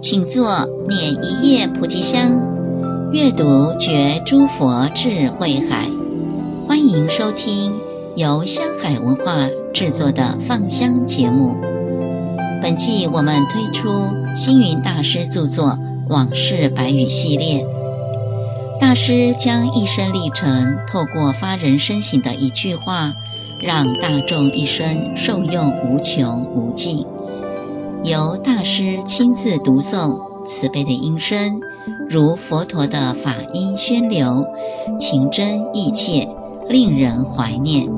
請坐，捻一葉菩提香，閱讀覺諸佛智慧海。歡迎收聽由香海文化製作的放香節目。本季我們推出。星雲大師著作《往事百語》系列，大師將一生歷程透過發人深省的一句話，讓大眾一生受用無窮無盡。由大師親自讀誦，慈悲的音聲如佛陀的法音宣流，情真意切，令人懷念。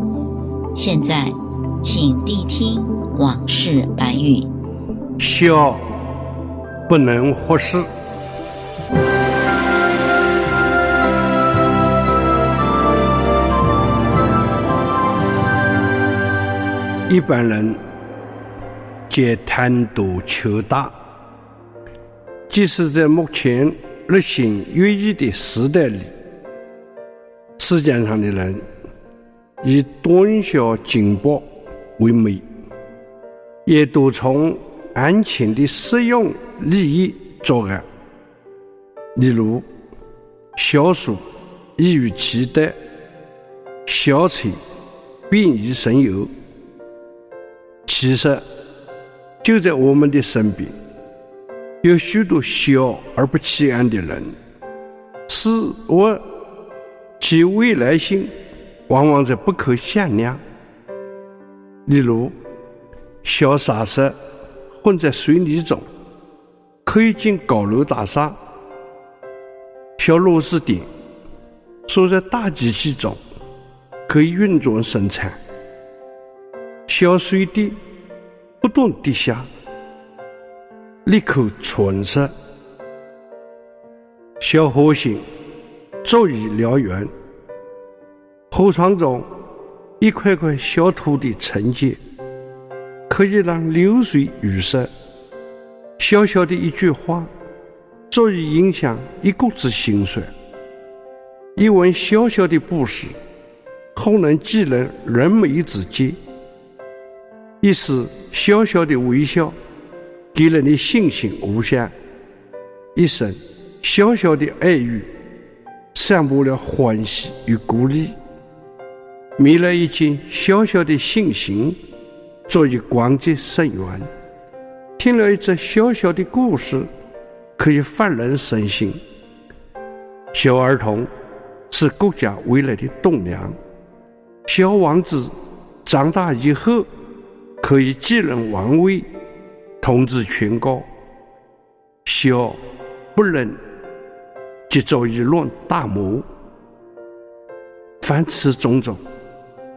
現在，請諦聽《往事百語》。不能忽視。一般人皆貪圖求大，即使在目前日新月異的時代裡，世界上的人以短小精薄為美，也都從安全的使用。利益作案，例如小書易於攜帶，小車便於省油。其實就在我們的身邊，有許多小而不起眼的人，事物其未來性往往在不可限量。例如小沙石混在水泥中。可以建高樓大廈，小螺絲釘，鎖在大機器中，可以運轉生產。小水滴不斷滴下，立刻穿石，小火星足以燎原。河床中一塊塊小土的沉積，可以讓流水淤塞。小小的，一句話，足以影響一國之興衰；一文小小的故事，可能濟人燃眉之急；一絲小小的微笑，給人的信心無限；一聲小小的愛語，散播了歡喜與鼓勵；每日一件小小的信心，足以廣結善緣。聽了一則小小的故事，可以發人深省。小兒童是國家未來的棟梁，小王子長大以後可以繼任王位，統治全國。小不忍，即足以亂大謀，凡此種種，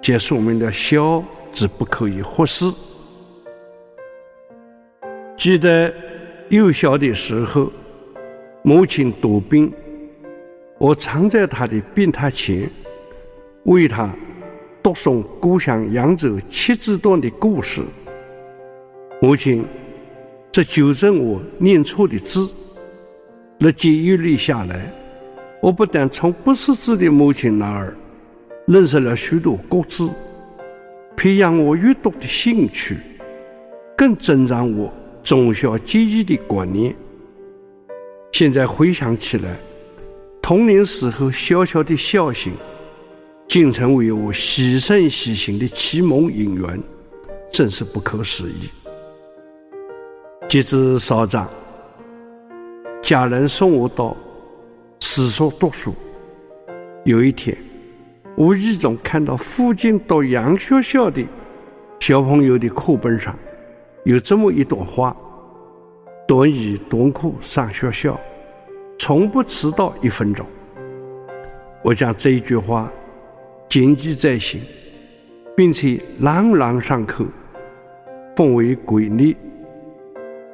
皆是我們的小之不可以忽視。記得幼小的時候，母親多病，我常在她的病榻前為她讀誦故鄉揚州七字段的故事。母親則糾正我念錯的字。日積月累下來，我不但從不識字的母親那兒認識了許多國字，培養我閱讀的興趣，更增長我，忠孝節義的觀念，現在回想起來，童年時候小小的孝心，竟成為我喜身喜行的啟蒙因緣，真是不可思議。及至稍長，家人送我到私塾讀書，有一天無意中看到附近讀洋學校的，小朋友的課本上有這麼一朵花。短衣短褲上學校，從不遲到一分鐘。我將這一句話謹記在心，並且朗朗上口，奉為圭臬。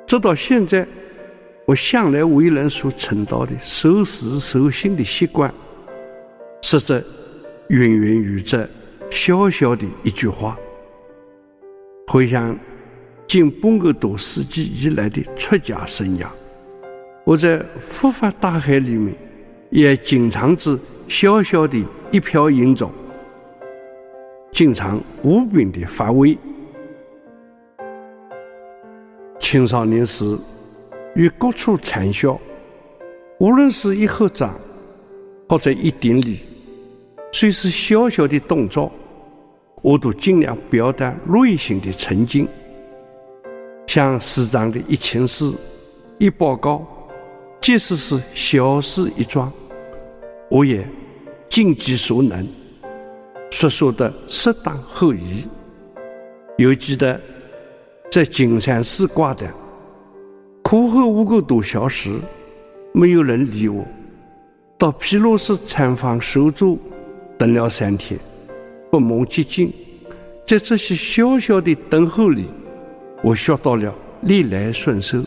直到現在，我向來為人所稱道的守時守信的習慣，實則源源於這小小的一句話。回想，近半個多世紀以來的出家生涯，我在佛法大海裡面，也經常是小小的一瓢飲中，經常無比的發微。青少年時，與各處禪修，無論是一合掌，或者一頂禮，雖是小小的動作，我都儘量表達內心的沉靜。向師長的一請示、一報告，即使是小事一樁，我也盡己所能，說說的適當合宜。猶記得在金山寺掛的，苦候五個多小時，沒有人理我，到毗盧寺禪房守住，等了三天，不蒙接見在這些小小的等候裡，我學到了逆來順受、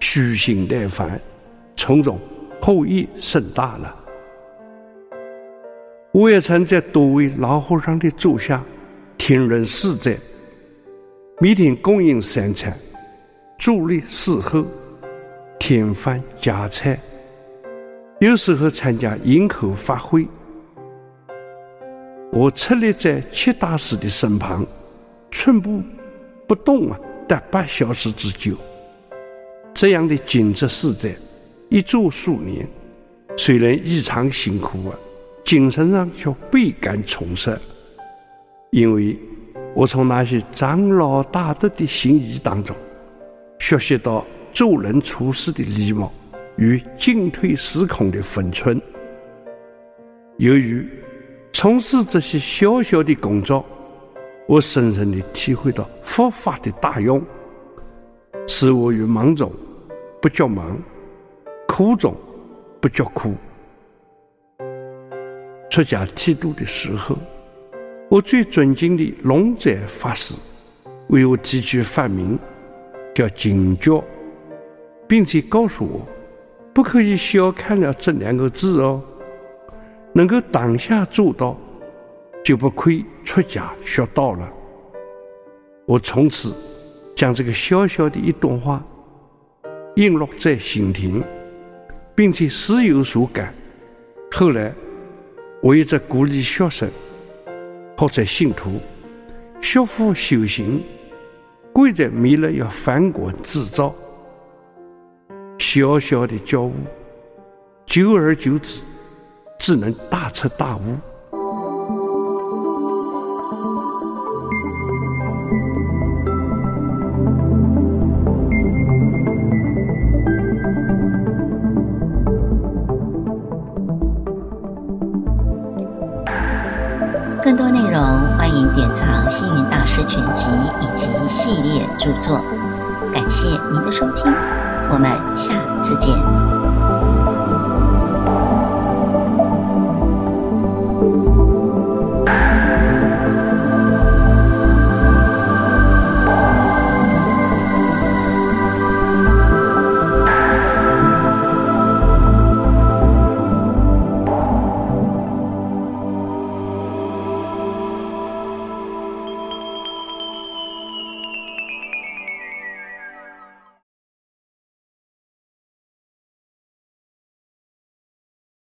虛心耐煩、從中獲益甚大了。我也曾在多位老和尚的座下聽人施齋，每天供應三餐，助力侍候，添飯加菜，有時候參加迎客法會。我側立在七大師的身旁，寸步不動啊。達八小時之久，這樣的兼職是在一做數年，雖然異常辛苦啊，精神上卻倍感充實，因為我從那些長老大德的行儀當中，學習到做人處事的禮貌與進退失控的分寸。由於從事這些小小的工作。我深深的體會到佛法的大用，使我於忙中不覺忙，苦中不覺苦。出家剃度的時候，我最尊敬的龍者法師為我提出法名，叫警覺，並且告訴我，不可以小看了這兩個字哦，能夠當下做到。就不虧出家學道了。我從此將這個小小的一段話印落在心田，並且時有所感。後來我一直鼓勵學生或者信徒學佛修行，貴在每日要反觀自照。小小的覺悟，久而久之，自能大徹大悟。更多內容，歡迎典藏《星雲大師全集》以及系列著作。感謝您的收聽，我們下次見。